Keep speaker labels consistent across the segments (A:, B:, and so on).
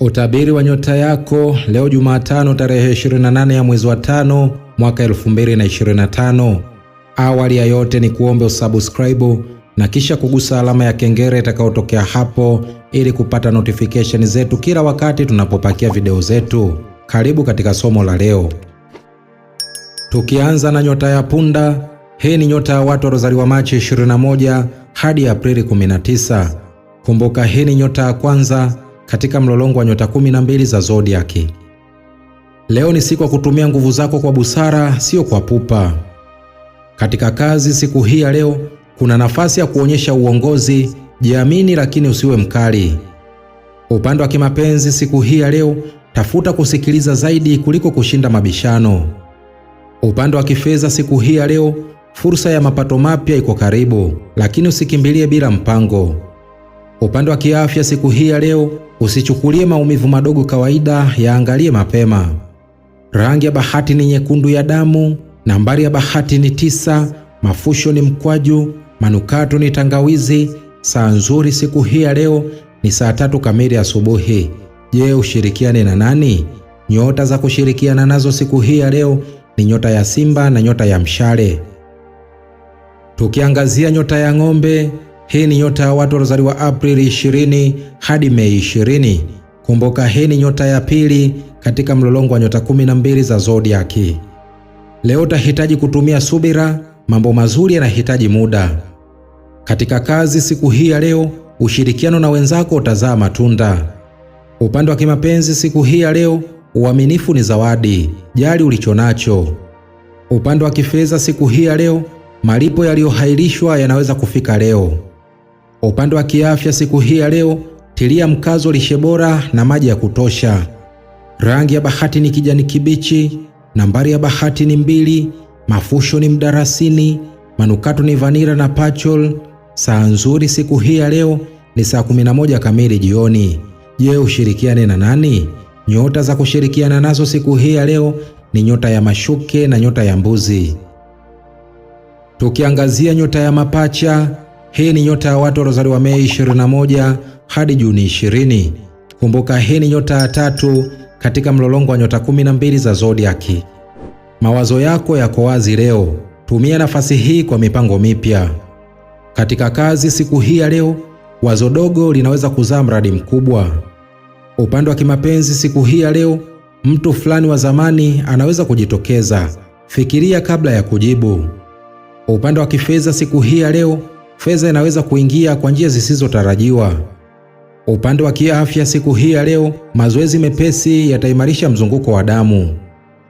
A: Utabiri wa nyota yako leo Jumatano tarehe 28 ya mwezi wa tano mwaka 2025. Awali ya yote ni kuombe usubscribe na kisha kugusa alama ya kengele itakayotokea hapo ili kupata notification zetu kila wakati tunapopakia video zetu. Karibu katika somo la leo. Tukianza na nyota ya punda, hii ni nyota ya watu waliozaliwa Machi 21 hadi Aprili 19. Kumbuka hii ni nyota ya kwanza katika mlolongo wa nyota kumi na mbili za zodiaki. Leo ni siku ya kutumia nguvu zako kwa busara, sio kwa pupa. Katika kazi siku hii ya leo, kuna nafasi ya kuonyesha uongozi. Jiamini lakini usiwe mkali. Upande wa kimapenzi siku hii ya leo, tafuta kusikiliza zaidi kuliko kushinda mabishano. Upande wa kifedha siku hii ya leo, fursa ya mapato mapya iko karibu, lakini usikimbilie bila mpango. Upande wa kiafya siku hii ya leo, Usichukulie maumivu madogo kawaida, yaangalie mapema. Rangi ya bahati ni nyekundu ya damu, nambari ya bahati ni tisa, mafusho ni mkwaju, manukato ni tangawizi. Saa nzuri siku hii ya leo ni saa tatu kamili asubuhi. Je, ushirikiane na nani? Nyota za kushirikiana nazo siku hii ya leo ni nyota ya Simba na nyota ya Mshale. Tukiangazia nyota ya Ng'ombe, hii ni nyota ya watu waliozaliwa Aprili 20 hadi Mei 20. Kumbuka, hii ni nyota ya pili katika mlolongo wa nyota 12 za zodiaki. Leo utahitaji kutumia subira, mambo mazuri yanahitaji muda. Katika kazi siku hii ya leo, ushirikiano na wenzako utazaa matunda. Upande wa kimapenzi siku hii ya leo, uaminifu ni zawadi, jali ulichonacho. Upande wa kifedha siku hii ya leo, malipo yaliyohairishwa yanaweza kufika leo upande wa kiafya siku hii ya leo, tilia mkazo lishe bora na maji ya kutosha. Rangi ya bahati ni kijani kibichi. Nambari ya bahati ni mbili. Mafusho ni mdarasini. Manukato ni vanira na pachol. Saa nzuri siku hii ya leo ni saa 11 kamili jioni. Je, ushirikiane na nani? Nyota za kushirikiana nazo siku hii ya leo ni nyota ya mashuke na nyota ya mbuzi. Tukiangazia nyota ya mapacha hii ni nyota ya watu waliozaliwa Mei 21 hadi Juni 20. Kumbuka, hii ni nyota ya tatu katika mlolongo wa nyota 12 za zodiaki. Mawazo yako yako wazi leo, tumia nafasi hii kwa mipango mipya. Katika kazi siku hii ya leo, wazo dogo linaweza kuzaa mradi mkubwa. Upande wa kimapenzi siku hii ya leo, mtu fulani wa zamani anaweza kujitokeza, fikiria kabla ya kujibu. Upande wa kifedha siku hii ya leo fedha inaweza kuingia kwa njia zisizotarajiwa. upande wa kiafya, siku hii ya leo, mazoezi mepesi yataimarisha mzunguko wa damu.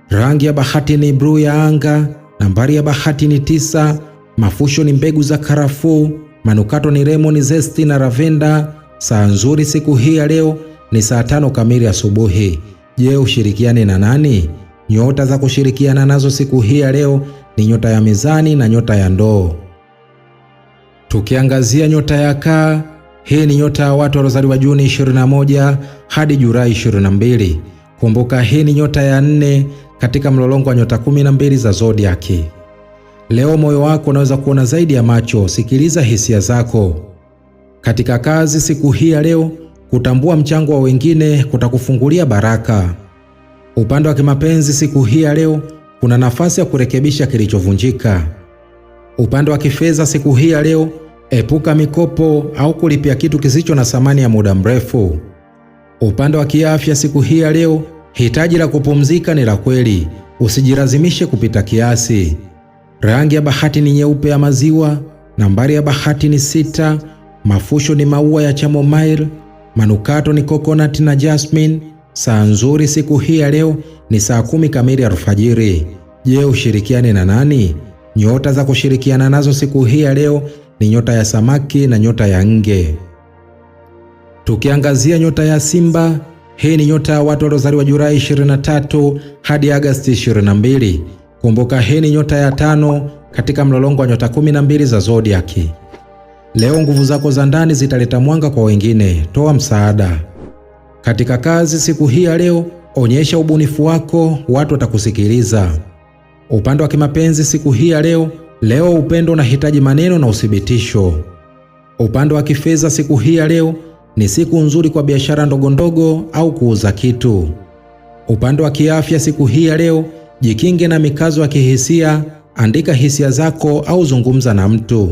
A: Rangi ya bahati ni bluu ya anga. Nambari ya bahati ni tisa. Mafusho ni mbegu za karafuu. Manukato ni lemon zesti na lavenda. Saa nzuri siku hii ya leo ni saa tano kamili asubuhi. Je, ushirikiane na nani? Nyota za kushirikiana nazo siku hii ya leo ni nyota ya mizani na nyota ya ndoo. Tukiangazia nyota ya kaa, hii ni nyota ya watu waliozaliwa Juni 21 hadi Julai 22. Kumbuka hii ni nyota ya nne katika mlolongo wa nyota 12 za zodiaki. Leo moyo wako unaweza kuona zaidi ya macho, sikiliza hisia zako. Katika kazi siku hii ya leo, kutambua mchango wa wengine kutakufungulia baraka. Upande wa kimapenzi siku hii ya leo, kuna nafasi ya kurekebisha kilichovunjika. Upande wa kifedha siku hii ya leo, epuka mikopo au kulipia kitu kisicho na thamani ya muda mrefu. Upande wa kiafya siku hii ya leo, hitaji la kupumzika ni la kweli, usijilazimishe kupita kiasi. Rangi ya bahati ni nyeupe ya maziwa. Nambari ya bahati ni sita. Mafusho ni maua ya chamomile. Manukato ni coconut na jasmine. Saa nzuri siku hii ya leo ni saa kumi kamili alfajiri. Je, ushirikiane na nani? Nyota za kushirikiana nazo siku hii ya leo ni nyota ya samaki na nyota ya nge. Tukiangazia nyota ya Simba, hii ni nyota ya watu waliozaliwa Julai 23 hadi Agasti 22. Kumbuka, hii ni nyota ya tano katika mlolongo wa nyota 12 za zodiaki. Leo nguvu zako za ndani zitaleta mwanga kwa wengine, toa msaada. Katika kazi siku hii ya leo, onyesha ubunifu wako, watu watakusikiliza. Upande wa kimapenzi siku hii ya leo, leo upendo unahitaji maneno na uthibitisho. Upande wa kifedha siku hii ya leo ni siku nzuri kwa biashara ndogondogo au kuuza kitu. Upande wa kiafya siku hii ya leo, jikinge na mikazo ya kihisia, andika hisia zako au zungumza na mtu.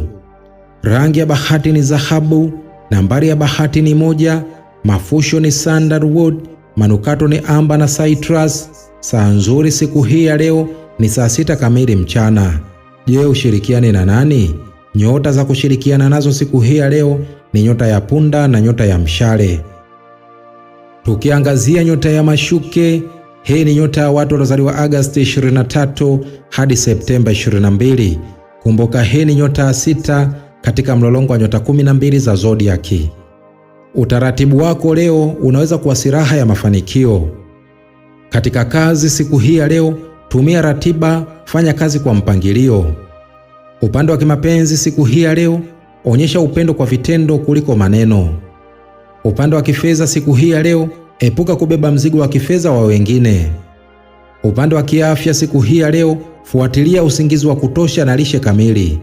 A: Rangi ya bahati ni dhahabu, nambari ya bahati ni moja, mafusho ni sandalwood, manukato ni amba na citrus. Saa nzuri siku hii ya leo ni saa sita kamili mchana. Je, ushirikiane na nani? Nyota za kushirikiana nazo siku hii ya leo ni nyota ya punda na nyota ya mshale. Tukiangazia nyota ya mashuke, hii ni nyota ya watu waliozaliwa Agosti 23 hadi Septemba 22. Kumbuka, hii ni nyota ya sita katika mlolongo wa nyota 12 za zodiaki. Utaratibu wako leo unaweza kuwa silaha ya mafanikio katika kazi siku hii ya leo tumia ratiba, fanya kazi kwa mpangilio. Upande wa kimapenzi siku hii ya leo, onyesha upendo kwa vitendo kuliko maneno. Upande wa kifedha siku hii ya leo, epuka kubeba mzigo wa kifedha wa wengine. Upande wa kiafya siku hii ya leo, fuatilia usingizi wa kutosha na lishe kamili.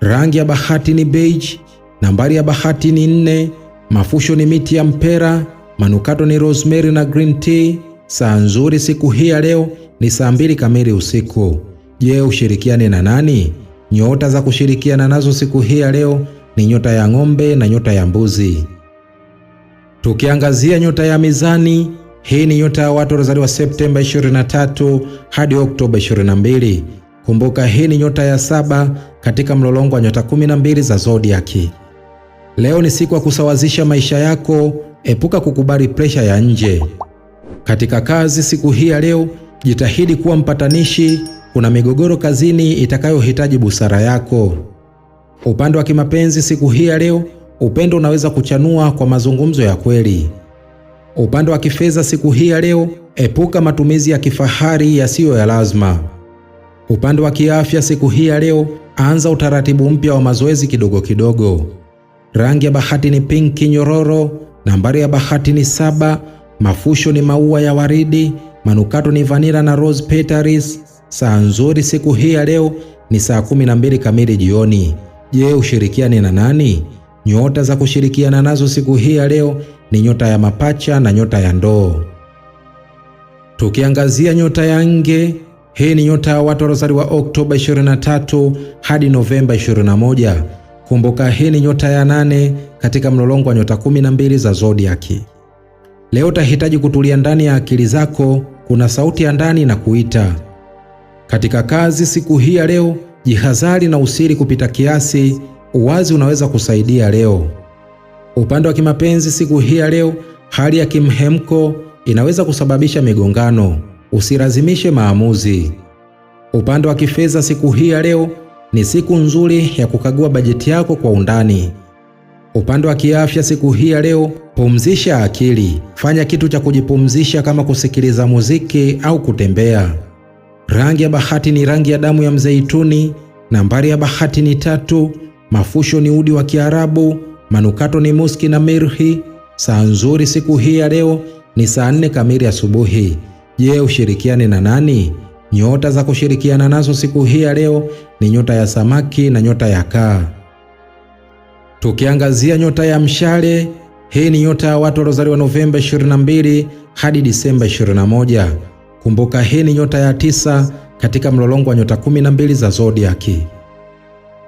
A: Rangi ya bahati ni beige, nambari ya bahati ni nne, mafusho ni miti ya mpera, manukato ni rosemary na green tea. Saa nzuri siku hii ya leo ni saa mbili kamili usiku. Je, ushirikiane na nani? Nyota za kushirikiana nazo siku hii ya leo ni nyota ya ng'ombe na nyota ya mbuzi. Tukiangazia nyota ya mizani, hii ni nyota ya watu waliozaliwa Septemba 23 hadi Oktoba 22. Kumbuka, hii ni nyota ya saba katika mlolongo wa nyota 12 za zodiaki. Leo ni siku ya kusawazisha maisha yako. Epuka kukubali presha ya nje. Katika kazi siku hii ya leo, Jitahidi kuwa mpatanishi. Kuna migogoro kazini itakayohitaji busara yako. Upande wa kimapenzi siku hii ya leo, upendo unaweza kuchanua kwa mazungumzo ya kweli. Upande wa kifedha siku hii ya leo, epuka matumizi ya kifahari yasiyo ya lazima. Upande wa kiafya siku hii ya leo, anza utaratibu mpya wa mazoezi kidogo kidogo. Rangi ya bahati ni pinki nyororo. Nambari ya bahati ni saba. Mafusho ni maua ya waridi. Manukato ni vanilla na rose petals. Saa nzuri siku hii ya leo ni saa 12 kamili jioni. Je, ushirikiane na nani? Nyota za kushirikiana nazo siku hii ya leo ni nyota ya mapacha na nyota ya ndoo. Tukiangazia nyota ya nge, hii ni nyota ya watu waliozaliwa Oktoba 23 hadi Novemba 21. Kumbuka, hii ni nyota ya nane katika mlolongo wa nyota 12 za zodiaki. Leo utahitaji kutulia ndani ya akili zako, kuna sauti ya ndani na kuita. Katika kazi siku hii ya leo, jihadhari na usiri kupita kiasi, uwazi unaweza kusaidia leo. Upande wa kimapenzi siku hii ya leo, hali ya kimhemko inaweza kusababisha migongano, usilazimishe maamuzi. Upande wa kifedha siku hii ya leo, ni siku nzuri ya kukagua bajeti yako kwa undani. Upande wa kiafya siku hii ya leo, pumzisha akili, fanya kitu cha kujipumzisha kama kusikiliza muziki au kutembea. Rangi ya bahati ni rangi ya damu ya mzeituni. Nambari ya bahati ni tatu. Mafusho ni udi wa Kiarabu. Manukato ni muski na mirhi. Saa nzuri siku hii ya leo ni saa nne kamili asubuhi. Je, ushirikiane na nani? Nyota za kushirikiana nazo siku hii ya leo ni nyota ya samaki na nyota ya kaa. Tukiangazia nyota ya mshale, hii ni nyota ya watu waliozaliwa Novemba 22 hadi Disemba 21. Kumbuka hii ni nyota ya tisa katika mlolongo wa nyota 12 za zodiaki.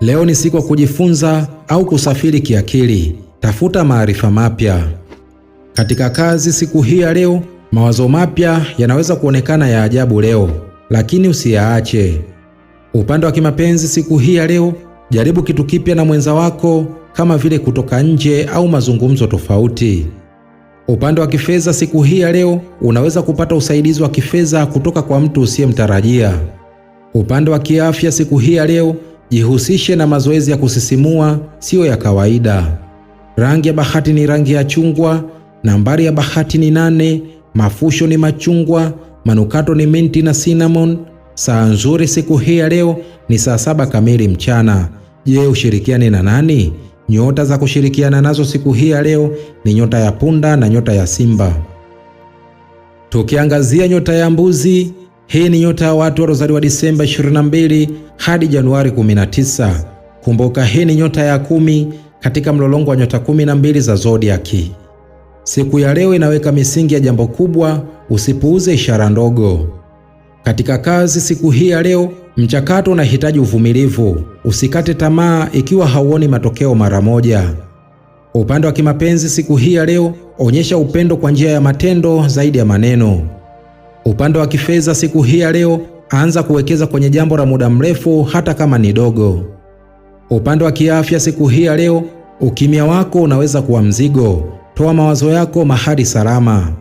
A: Leo ni siku ya kujifunza au kusafiri kiakili, tafuta maarifa mapya. Katika kazi siku hii ya leo, mawazo mapya yanaweza kuonekana ya ajabu leo, lakini usiyaache. Upande wa kimapenzi siku hii ya leo, jaribu kitu kipya na mwenza wako kama vile kutoka nje au mazungumzo tofauti. Upande wa kifedha siku hii ya leo, unaweza kupata usaidizi wa kifedha kutoka kwa mtu usiyemtarajia. Upande wa kiafya siku hii ya leo, jihusishe na mazoezi ya kusisimua, siyo ya kawaida. Rangi ya bahati ni rangi ya chungwa. Nambari ya bahati ni nane. Mafusho ni machungwa. Manukato ni minti na cinnamon. Saa nzuri siku hii ya leo ni saa saba kamili mchana. Je, ushirikiane na nani? Nyota za kushirikiana nazo siku hii ya leo ni nyota ya punda na nyota ya simba. Tukiangazia nyota ya mbuzi, hii ni nyota ya watu waliozaliwa Disemba 22 hadi Januari 19. Kumbuka hii ni nyota ya kumi katika mlolongo wa nyota 12 za zodiaki. Siku ya leo inaweka misingi ya jambo kubwa, usipuuze ishara ndogo. Katika kazi siku hii ya leo, Mchakato unahitaji uvumilivu. Usikate tamaa ikiwa hauoni matokeo mara moja. Upande wa kimapenzi siku hii ya leo, onyesha upendo kwa njia ya matendo zaidi ya maneno. Upande wa kifedha siku hii ya leo, anza kuwekeza kwenye jambo la muda mrefu hata kama ni dogo. Upande wa kiafya siku hii ya leo, ukimya wako unaweza kuwa mzigo. Toa mawazo yako mahali salama.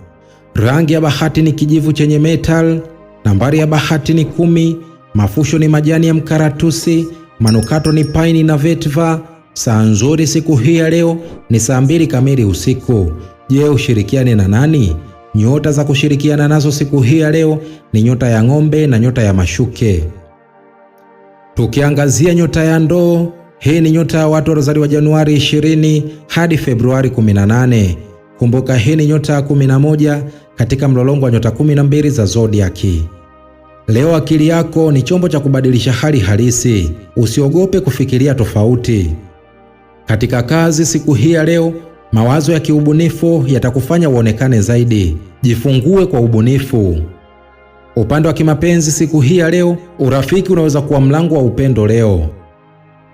A: Rangi ya bahati ni kijivu chenye metal. Nambari ya bahati ni kumi. Mafusho ni majani ya mkaratusi, manukato ni paini na vetva. Saa nzuri siku hii ya leo ni saa mbili kamili usiku. Je, ushirikiane na nani? Nyota za kushirikiana nazo siku hii ya leo ni nyota ya ng'ombe na nyota ya mashuke. Tukiangazia nyota ya ndoo, hii ni nyota ya watu waliozaliwa Januari 20 hadi Februari 18. Kumbuka, hii ni nyota ya 11 katika mlolongo wa nyota 12 za zodiaki. Leo akili yako ni chombo cha kubadilisha hali halisi. Usiogope kufikiria tofauti. Katika kazi siku hii ya leo, mawazo ya kiubunifu yatakufanya uonekane zaidi. Jifungue kwa ubunifu. Upande wa kimapenzi siku hii ya leo, urafiki unaweza kuwa mlango wa upendo leo.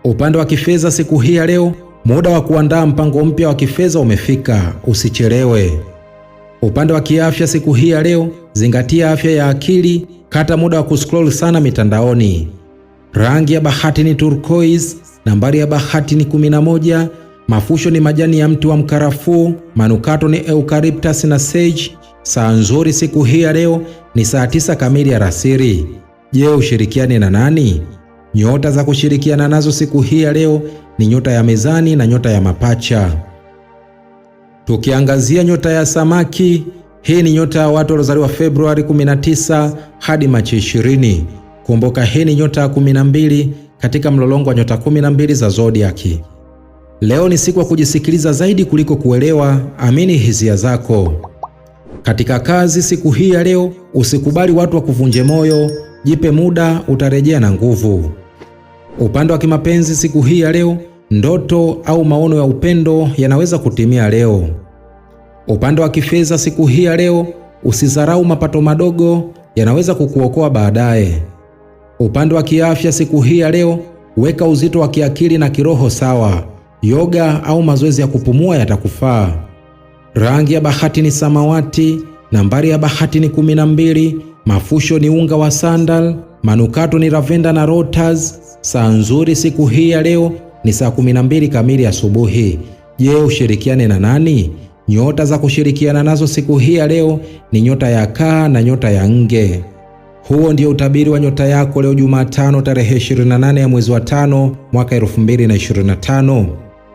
A: Upande wa kifedha siku hii ya leo, muda wa kuandaa mpango mpya wa kifedha umefika, usichelewe. Upande wa kiafya siku hii ya leo, zingatia afya ya akili, kata muda wa kuscroll sana mitandaoni. Rangi ya bahati ni turquoise, nambari ya bahati ni 11, mafusho ni majani ya mti wa mkarafuu, manukato ni eucalyptus na sage. Saa nzuri siku hii ya leo ni saa tisa kamili ya rasiri Je, ushirikiane na nani? Nyota za kushirikiana nazo siku hii ya leo ni nyota ya mezani na nyota ya mapacha. Tukiangazia nyota ya samaki, hii ni nyota ya watu waliozaliwa Februari 19 hadi Machi 20. Kumbuka hii ni nyota ya 12 katika mlolongo wa nyota 12 za zodiaki. Leo ni siku ya kujisikiliza zaidi kuliko kuelewa. Amini hisia zako. Katika kazi siku hii ya leo, usikubali watu wa kuvunje moyo. Jipe muda, utarejea na nguvu. Upande wa kimapenzi siku hii ya leo, ndoto au maono ya upendo yanaweza kutimia leo. Upande wa kifedha siku hii ya leo, usidharau mapato madogo, yanaweza kukuokoa baadaye. Upande wa kiafya siku hii ya leo, weka uzito wa kiakili na kiroho sawa. Yoga au mazoezi ya kupumua yatakufaa. Rangi ya bahati ni samawati. Nambari ya bahati ni mbili Mafusho ni unga wa sandal. Manukato ni lavenda na rotas. Saa nzuri siku hii ya leo ni saa mbili kamili asubuhi. Je, ushirikiane na nani? Nyota za kushirikiana nazo siku hii ya leo ni nyota ya kaa na nyota ya nge. Huo ndio utabiri wa nyota yako leo Jumatano tarehe 28 ya mwezi wa tano mwaka 2025.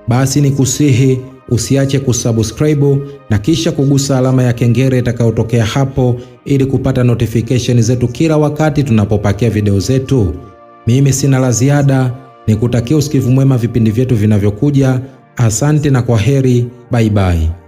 A: Basi ni kusihi usiache kusubscribe na kisha kugusa alama ya kengele itakayotokea hapo ili kupata notification zetu kila wakati tunapopakia video zetu. Mimi sina la ziada, nikutakia usikivu mwema vipindi vyetu vinavyokuja. Asante na kwa heri, bye bye.